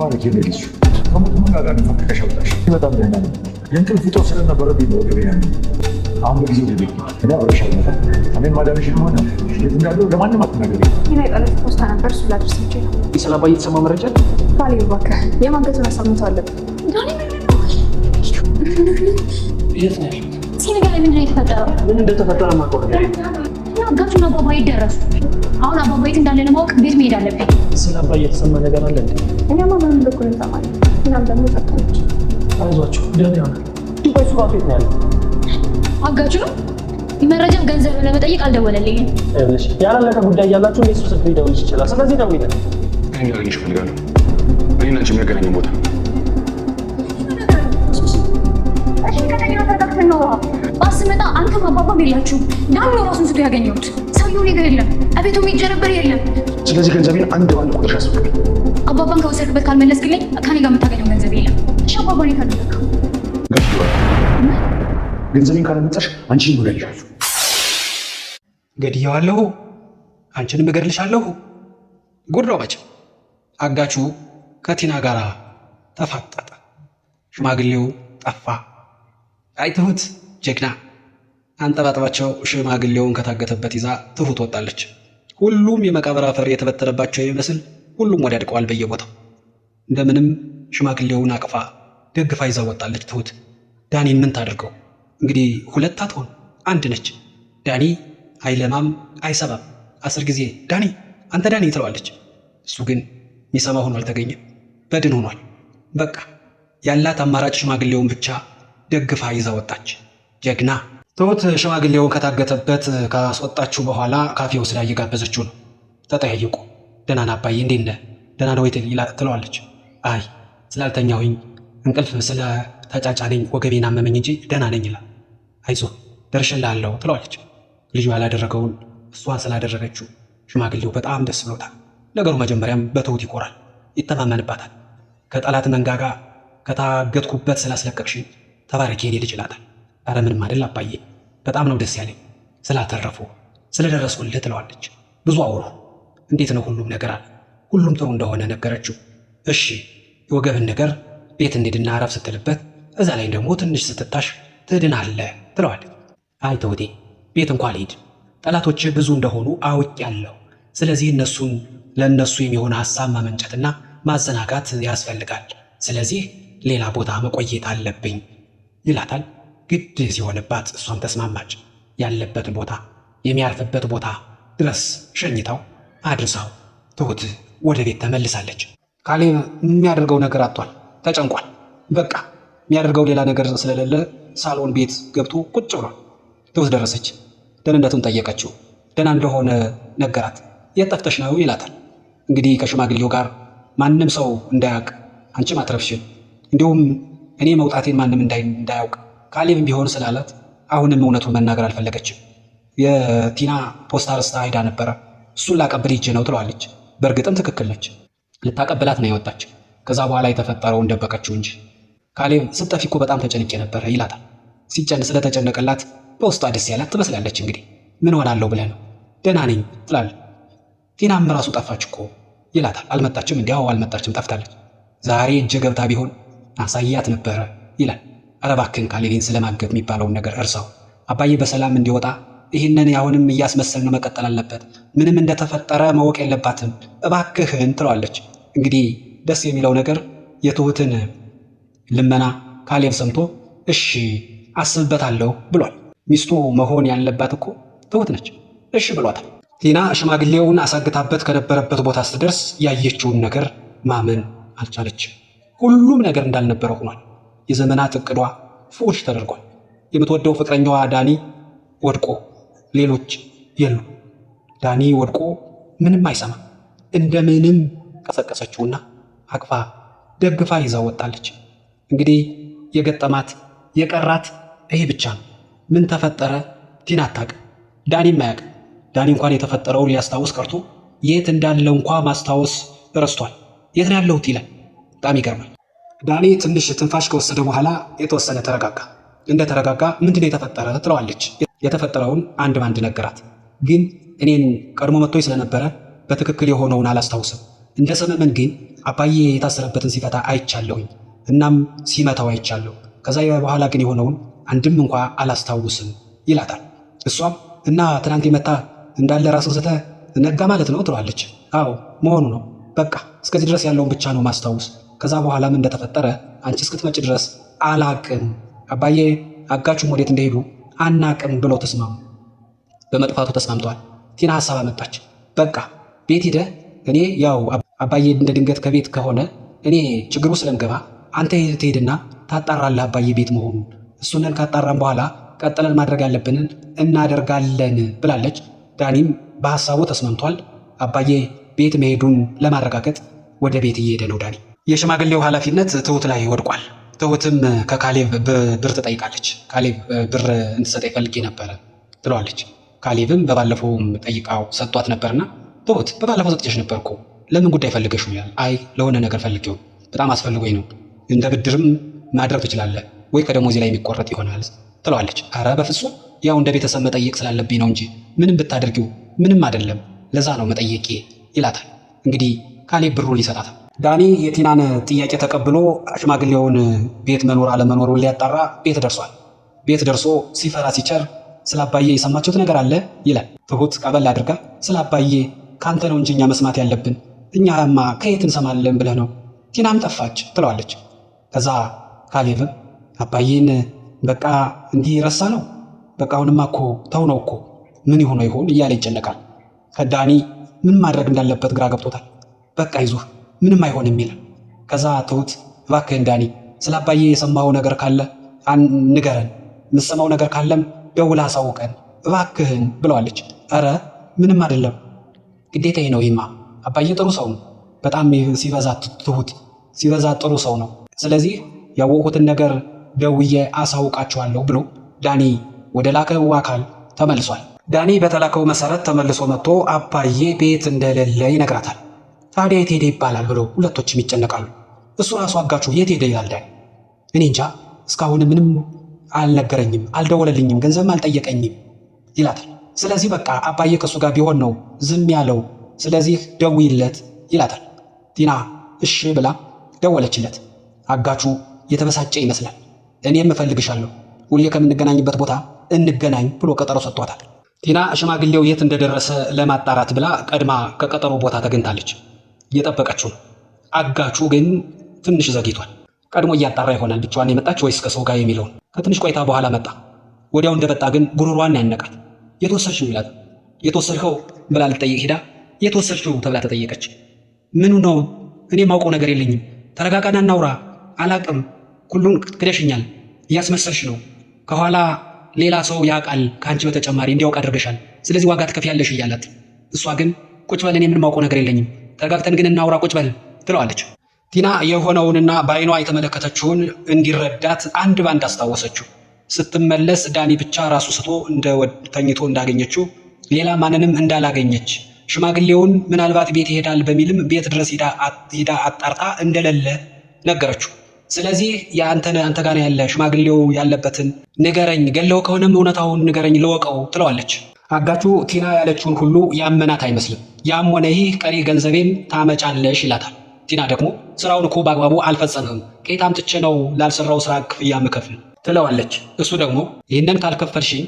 ተማሪ ሄደልች ከሙሉምን ጋር ፋብሪካ ሸወጣሽ በጣም ደህና የእንቅልፍ እጦት ስለነበረብኝ ነው ገበያ አሁን በጊዜው እኔ አብረሻ ይመጣ እኔን ማዳነሽ ሆነ የት እንዳለው ለማንም አትናገሪ። ፖስታ ነበር እሱ ላደርሰች ነው የስለ አባዬ መረጃ ባሌ እባክህ የማገቱን አሳምተው አለብን። የት ነው ያለው? ሲኒጋር ምንድን እንዳለ ለማወቅ ቤት መሄድ አለብኝ። ስለ አባዬ የተሰማ ነገር አለ እንዴ? በጣም ደግሞ ጠቅሞች። አይዟችሁ ደህና ይሆናል። ዱባይ ሱባቱ የት ነው ያለው? አጋቹ ነው። መረጃም ገንዘብ ለመጠየቅ አልደወለልኝም። ያላለቀ ጉዳይ እያላችሁ እኔ እሱ ስልክ ሊደውልሽ ይችላል። ስለዚህ ደውይ። እኔ ላገኝሽ እፈልጋለሁ። እኔ እና አንቺ የሚያገናኘን ቦታ ባስመጣ አንተ ማባባም የላችሁም። ዳኑ ራሱን ስቶ ያገኘሁት የማሳየው ነገር የለም። አቤቱ ሂጄ ነበር የለም። ስለዚህ ገንዘቤን አንድ ባንድ ቁጥር ያስፈልግ። አባባን ከወሰድበት ካልመለስክልኝ ከኔ ጋር የምታገኘው ገንዘብ የለም። እሺ አባባን የታደረግ ገንዘቤን ካላመጣሽ አንቺን እገድልሻለሁ። ገድየዋለሁ፣ አንቺንም እገድልሻለሁ። ጎድሮ መቼም አጋቹ ከቲና ጋር ተፋጠጠ። ሽማግሌው ጠፋ። አይተሁት ጀግና አንጠባጥባቸው ሽማግሌውን ከታገተበት ይዛ ትሁት ወጣለች። ሁሉም የመቃብር አፈር የተበተነባቸው የሚመስል ሁሉም ወዲያድቀዋል በየቦታው። እንደምንም ሽማግሌውን አቅፋ ደግፋ ይዛ ወጣለች ትሁት። ዳኒን ምን ታድርገው እንግዲህ ሁለት አትሆን አንድ ነች። ዳኒ አይለማም አይሰማም። አስር ጊዜ ዳኒ አንተ ዳኒ ትለዋለች። እሱ ግን የሚሰማ ሆኖ አልተገኘም። በድን ሆኗል። በቃ ያላት አማራጭ ሽማግሌውን ብቻ ደግፋ ይዛ ወጣች። ጀግና ትሁት ሽማግሌውን ከታገተበት ካስወጣችሁ በኋላ ካፌ ወስዳ እየጋበዘችው ነው። ተጠያየቁ። ደህና ነህ አባዬ፣ እንዴት ነህ? ደህና ነው ወይ ትለዋለች። አይ ስላልተኛሁኝ እንቅልፍ ስለተጫጫነኝ ወገቤን አመመኝ እንጂ ደህና ነኝ ይላል። አይዞ ደርሽልሃለሁ ትለዋለች። ልጁ ያላደረገውን እሷን ስላደረገችው ሽማግሌው በጣም ደስ ብሎታል። ነገሩ መጀመሪያም በትሁት ይኮራል፣ ይተማመንባታል። ከጠላት መንጋጋ ከታገትኩበት ስላስለቀቅሽኝ ተባረኪ የኔ ልጅ ይላታል። አረ ምንም አይደል አባዬ በጣም ነው ደስ ያለኝ ስላተረፉ ስለደረሱልህ ትለዋለች። ብዙ አውሩ እንዴት ነው ሁሉም ነገር አለ። ሁሉም ጥሩ እንደሆነ ነገረችው። እሺ የወገብን ነገር ቤት እንሂድና አረፍ ስትልበት እዛ ላይ ደግሞ ትንሽ ስትታሽ ትድናለህ ትለዋለች። አይ ተውቴ ቤት እንኳ ልሂድ ጠላቶች ብዙ እንደሆኑ አውቄያለሁ። ስለዚህ እነሱን ለእነሱ የሚሆን ሀሳብ ማመንጨትና ማዘናጋት ያስፈልጋል። ስለዚህ ሌላ ቦታ መቆየት አለብኝ ይላታል። ግድ ሲሆንባት እሷም ተስማማች። ያለበትን ቦታ የሚያርፍበት ቦታ ድረስ ሸኝታው አድርሰው ትሁት ወደ ቤት ተመልሳለች። ካሌብ የሚያደርገው ነገር አጥቷል፣ ተጨንቋል። በቃ የሚያደርገው ሌላ ነገር ስለሌለ ሳሎን ቤት ገብቶ ቁጭ ብሏል። ትሁት ደረሰች። ደህንነቱን ጠየቀችው። ደህና እንደሆነ ነገራት። የት ጠፍተሽ ነው ይላታል። እንግዲህ ከሽማግሌው ጋር ማንም ሰው እንዳያውቅ አንቺ ማትረፍሽን፣ እንዲሁም እኔ መውጣቴን ማንም እንዳያውቅ ካሌብም ቢሆን ስላላት አሁንም እውነቱን መናገር አልፈለገችም። የቲና ፖስታ ርስታ ሄዳ ነበረ፣ እሱን ላቀብል ይቼ ነው ትለዋለች። በእርግጥም ትክክል ነች። ልታቀብላት ነው የወጣች። ከዛ በኋላ የተፈጠረውን ደበቀችው እንጂ ካሌብ ስጠፊ እኮ በጣም ተጨንቄ ነበረ ይላታል። ሲጨን ስለተጨነቀላት በውስጧ ደስ ያላት ትመስላለች። እንግዲህ ምን ሆናለሁ ብለህ ነው? ደህና ነኝ ትላል። ቲናም ራሱ ጠፋች እኮ ይላታል። አልመጣችም? እንዲያው አልመጣችም፣ ጠፍታለች። ዛሬ እጀ ገብታ ቢሆን አሳያት ነበረ ይላል። እባክህን ካሌድን ስለማገብ የሚባለውን ነገር እርሰው አባዬ በሰላም እንዲወጣ ይህንን አሁንም እያስመሰልን መቀጠል አለበት። ምንም እንደተፈጠረ ማወቅ የለባትም እባክህን ትለዋለች። እንግዲህ ደስ የሚለው ነገር የትሁትን ልመና ካሌብ ሰምቶ እሺ አስብበታለሁ ብሏል። ሚስቱ መሆን ያለባት እኮ ትሁት ነች። እሺ ብሏታል። ቲና ሽማግሌውን አሳግታበት ከነበረበት ቦታ ስትደርስ ያየችውን ነገር ማመን አልቻለችም። ሁሉም ነገር እንዳልነበረ ሆኗል። የዘመናት እቅዷ ፉሽ ተደርጓል። የምትወደው ፍቅረኛዋ ዳኒ ወድቆ ሌሎች የሉ። ዳኒ ወድቆ ምንም አይሰማ እንደምንም ቀሰቀሰችውና አቅፋ ደግፋ ይዛ ወጣለች። እንግዲህ የገጠማት የቀራት ይሄ ብቻ ነው። ምን ተፈጠረ ቲና አታውቅም፣ ዳኒም አያውቅም። ዳኒ እንኳን የተፈጠረውን ሊያስታውስ ቀርቶ የት እንዳለ እንኳ ማስታወስ ረስቷል። የት ነው ያለሁት ይላል። በጣም ይገርማል። ዳኒ ትንሽ ትንፋሽ ከወሰደ በኋላ የተወሰነ ተረጋጋ። እንደ ተረጋጋ ምንድን ነው የተፈጠረ ትለዋለች። የተፈጠረውን አንድ ባንድ ነገራት። ግን እኔን ቀድሞ መጥቶኝ ስለነበረ በትክክል የሆነውን አላስታውስም። እንደ ሰመመን ግን አባዬ የታሰረበትን ሲፈታ አይቻለሁኝ። እናም ሲመታው አይቻለሁ። ከዛ በኋላ ግን የሆነውን አንድም እንኳ አላስታውስም ይላታል። እሷም እና ትናንት የመታ እንዳለ ራስን ስተ ነጋ ማለት ነው ትለዋለች። አዎ መሆኑ ነው። በቃ እስከዚህ ድረስ ያለውን ብቻ ነው ማስታውስ ከዛ በኋላ ምን እንደተፈጠረ አንቺ እስክትመጪ ድረስ አላቅም፣ አባዬ አጋችሁም ወዴት እንደሄዱ አናቅም ብለው ተስማሙ። በመጥፋቱ ተስማምተዋል። ቲና ሀሳብ አመጣች። በቃ ቤት ሂደህ እኔ ያው አባዬ እንደ ድንገት ከቤት ከሆነ እኔ ችግሩ ስለምገባ አንተ ትሄድና ታጣራለህ አባዬ ቤት መሆኑን። እሱንን ካጣራን በኋላ ቀጥለን ማድረግ ያለብንን እናደርጋለን ብላለች። ዳኒም በሀሳቡ ተስማምቷል። አባዬ ቤት መሄዱን ለማረጋገጥ ወደ ቤት እየሄደ ነው ዳኒ። የሽማግሌው ኃላፊነት ትሁት ላይ ወድቋል። ትሁትም ከካሌብ ብር ትጠይቃለች። ካሌብ ብር እንድሰጠ ይፈልጌ ነበረ ትለዋለች። ካሌብም በባለፈውም ጠይቃው ሰጥቷት ነበርና ትሁት በባለፈው ሰጥቼሽ ነበርኩ ለምን ጉዳይ ፈልገሽ ይላል። አይ ለሆነ ነገር ፈልጌው በጣም አስፈልጎኝ ነው እንደ ብድርም ማድረግ ትችላለህ ወይ ከደሞዜ ላይ የሚቆረጥ ይሆናል ትለዋለች። አረ በፍጹም ያው እንደ ቤተሰብ መጠየቅ ስላለብኝ ነው እንጂ ምንም ብታደርጊው ምንም አይደለም፣ ለዛ ነው መጠየቄ ይላታል። እንግዲህ ካሌብ ብሩን ይሰጣታል። ዳኒ የቲናን ጥያቄ ተቀብሎ ሽማግሌውን ቤት መኖር አለመኖሩን ሊያጣራ ቤት ደርሷል። ቤት ደርሶ ሲፈራ ሲቸር ስለ አባዬ የሰማችሁት ነገር አለ ይላል። ትሁት ቀበል አድርጋ ስለ አባዬ ከአንተ ነው እንጂ እኛ መስማት ያለብን እኛማ ከየት እንሰማለን ብለህ ነው፣ ቲናም ጠፋች ትለዋለች። ከዛ ካሌብም አባዬን በቃ እንዲህ ረሳ ነው በቃ አሁንማ እኮ ተው ነው እኮ ምን ይሆነ ይሆን እያለ ይጨነቃል። ከዳኒ ምን ማድረግ እንዳለበት ግራ ገብቶታል። በቃ ይዙህ ምንም አይሆንም ይላል። ከዛ ትሁት እባክህን ዳኒ ስለ አባዬ የሰማኸው ነገር ካለ ንገረን፣ የምትሰማው ነገር ካለም ደውላ አሳውቀን እባክህን ብለዋለች። ኧረ ምንም አይደለም ግዴታዬ ነው ይማ አባዬ ጥሩ ሰው ነው። በጣም ሲበዛ ትሁት ሲበዛ ጥሩ ሰው ነው። ስለዚህ ያወቁትን ነገር ደውዬ አሳውቃችኋለሁ ብሎ ዳኒ ወደ ላከው አካል ተመልሷል። ዳኒ በተላከው መሰረት ተመልሶ መጥቶ አባዬ ቤት እንደሌለ ይነግራታል። ታዲያ የት ሄደ ይባላል ብሎ ሁለቶችም ይጨነቃሉ። እሱ ራሱ አጋቹ የት ሄደ ይላል ዳኒ። እኔ እንጃ እስካሁን ምንም አልነገረኝም፣ አልደወለልኝም፣ ገንዘብም አልጠየቀኝም ይላታል። ስለዚህ በቃ አባዬ ከእሱ ጋር ቢሆን ነው ዝም ያለው፣ ስለዚህ ደውይለት ይላታል። ቲና እሺ ብላ ደወለችለት። አጋቹ የተበሳጨ ይመስላል። እኔም እፈልግሻለሁ፣ ሁሌ ከምንገናኝበት ቦታ እንገናኝ ብሎ ቀጠሮ ሰጥቷታል። ቲና ሽማግሌው የት እንደደረሰ ለማጣራት ብላ ቀድማ ከቀጠሮ ቦታ ተገኝታለች። እየጠበቀችው ነው። አጋቹ ግን ትንሽ ዘግይቷል። ቀድሞ እያጣራ ይሆናል ብቻዋን የመጣች ወይስ ከሰው ጋር የሚለውን። ከትንሽ ቆይታ በኋላ መጣ። ወዲያው እንደመጣ ግን ጉሮሯን ያነቃት። የት ወሰድሽው ይላት። ብላ ልጠይቅ ሄዳ የተወሰድሽው ተብላ ተጠየቀች። ምኑ ነው እኔ ማውቀው ነገር የለኝም። ተረጋጋና እናውራ። አላቅም ሁሉን ክደሽኛል፣ እያስመሰልሽ ነው። ከኋላ ሌላ ሰው ያውቃል ከአንቺ በተጨማሪ እንዲያውቅ አድርገሻል። ስለዚህ ዋጋ ትከፍያለሽ እያላት እሷ ግን ቁጭ በል እኔ የምንማውቀው ነገር የለኝም ተረጋግተን ግን እናውራ ቁጭ በል ትለዋለች። ቲና የሆነውንና በአይኗ የተመለከተችውን እንዲረዳት አንድ ባንድ አስታወሰችው። ስትመለስ ዳኒ ብቻ ራሱ ስቶ ተኝቶ እንዳገኘችው ሌላ ማንንም እንዳላገኘች ሽማግሌውን ምናልባት ቤት ይሄዳል በሚልም ቤት ድረስ ሄዳ አጣርታ እንደሌለ ነገረችው። ስለዚህ የአንተ አንተ ጋር ያለ ሽማግሌው ያለበትን ንገረኝ፣ ገለው ከሆነም እውነታውን ንገረኝ ልወቀው ትለዋለች። አጋቹ ቲና ያለችውን ሁሉ ያመናት አይመስልም። ያም ሆነ ይህ ቀሪ ገንዘቤን ታመጫለሽ ይላታል። ቲና ደግሞ ስራውን እኮ በአግባቡ አልፈጸምህም፣ ከየት አምጥቼ ነው ላልሰራው ስራ ክፍያ ምከፍል ትለዋለች። እሱ ደግሞ ይህንን ካልከፈልሽኝ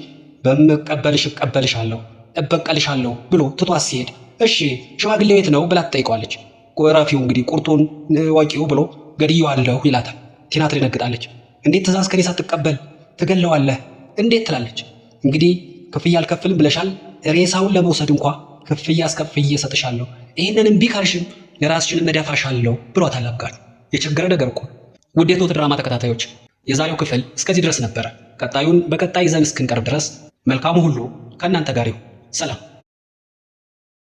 በምቀበልሽ እቀበልሻለሁ፣ እበቀልሻለሁ ብሎ ትቷት ሲሄድ እሺ ሽማግሌ ቤት ነው ብላ ትጠይቀዋለች። ቆራፊው እንግዲህ ቁርጡን ወቂው ብሎ ገድየዋለሁ ይላታል። ቲና ትደነግጣለች። እንዴት ትእዛዝ ከኔ ሳትቀበል ትገለዋለህ እንዴት ትላለች። እንግዲህ ክፍያ አልከፍልም ብለሻል። ሬሳውን ለመውሰድ እንኳ ክፍያ አስከፍዬ እሰጥሻለሁ፣ ይህንን እምቢ ካልሽም የራስሽን መዳፋሻለሁ ብሏታል። አብጋቹ የቸገረ ነገር እኮ። ውድ የትሁት ድራማ ተከታታዮች የዛሬው ክፍል እስከዚህ ድረስ ነበረ። ቀጣዩን በቀጣይ ይዘን እስክንቀርብ ድረስ መልካሙ ሁሉ ከእናንተ ጋር ይሁን። ሰላም